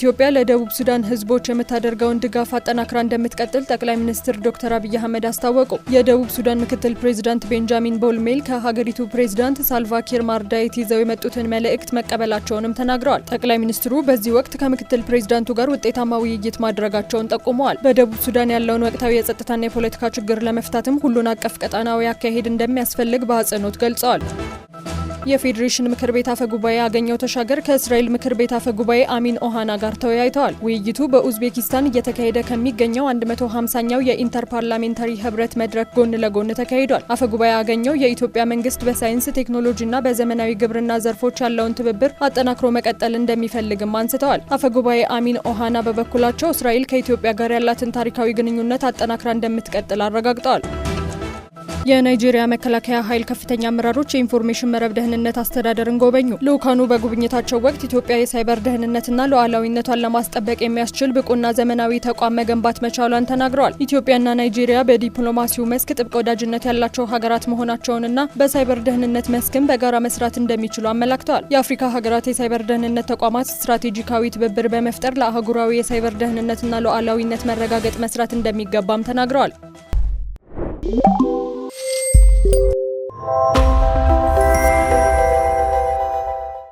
ኢትዮጵያ ለደቡብ ሱዳን ህዝቦች የምታደርገውን ድጋፍ አጠናክራ እንደምትቀጥል ጠቅላይ ሚኒስትር ዶክተር አብይ አህመድ አስታወቁ። የደቡብ ሱዳን ምክትል ፕሬዚዳንት ቤንጃሚን ቦልሜል ከሀገሪቱ ፕሬዚዳንት ሳልቫኪር ማርዳየት ይዘው የመጡትን መልእክት መቀበላቸውንም ተናግረዋል። ጠቅላይ ሚኒስትሩ በዚህ ወቅት ከምክትል ፕሬዚዳንቱ ጋር ውጤታማ ውይይት ማድረጋቸውን ጠቁመዋል። በደቡብ ሱዳን ያለውን ወቅታዊ የጸጥታና የፖለቲካ ችግር ለመፍታትም ሁሉን አቀፍ ቀጣናዊ አካሄድ እንደሚያስፈልግ በአጽንኦት ገልጸዋል። የፌዴሬሽን ምክር ቤት አፈ ጉባኤ አገኘው ተሻገር ከእስራኤል ምክር ቤት አፈ ጉባኤ አሚን ኦሃና ጋር ተወያይተዋል። ውይይቱ በኡዝቤኪስታን እየተካሄደ ከሚገኘው 150ኛው የኢንተር ፓርላሜንታሪ ህብረት መድረክ ጎን ለጎን ተካሂዷል። አፈ ጉባኤ አገኘው የኢትዮጵያ መንግስት በሳይንስ ቴክኖሎጂና በዘመናዊ ግብርና ዘርፎች ያለውን ትብብር አጠናክሮ መቀጠል እንደሚፈልግም አንስተዋል። አፈ ጉባኤ አሚን ኦሃና በበኩላቸው እስራኤል ከኢትዮጵያ ጋር ያላትን ታሪካዊ ግንኙነት አጠናክራ እንደምትቀጥል አረጋግጠዋል። የናይጄሪያ መከላከያ ኃይል ከፍተኛ አመራሮች የኢንፎርሜሽን መረብ ደህንነት አስተዳደርን ጎበኙ። ልኡካኑ በጉብኝታቸው ወቅት ኢትዮጵያ የሳይበር ደህንነትና ሉዓላዊነቷን ለማስጠበቅ የሚያስችል ብቁና ዘመናዊ ተቋም መገንባት መቻሏን ተናግረዋል። ኢትዮጵያና ናይጄሪያ በዲፕሎማሲው መስክ ጥብቅ ወዳጅነት ያላቸው ሀገራት መሆናቸውንና በሳይበር ደህንነት መስክም በጋራ መስራት እንደሚችሉ አመላክተዋል። የአፍሪካ ሀገራት የሳይበር ደህንነት ተቋማት ስትራቴጂካዊ ትብብር በመፍጠር ለአህጉራዊ የሳይበር ደህንነትና ሉዓላዊነት መረጋገጥ መስራት እንደሚገባም ተናግረዋል።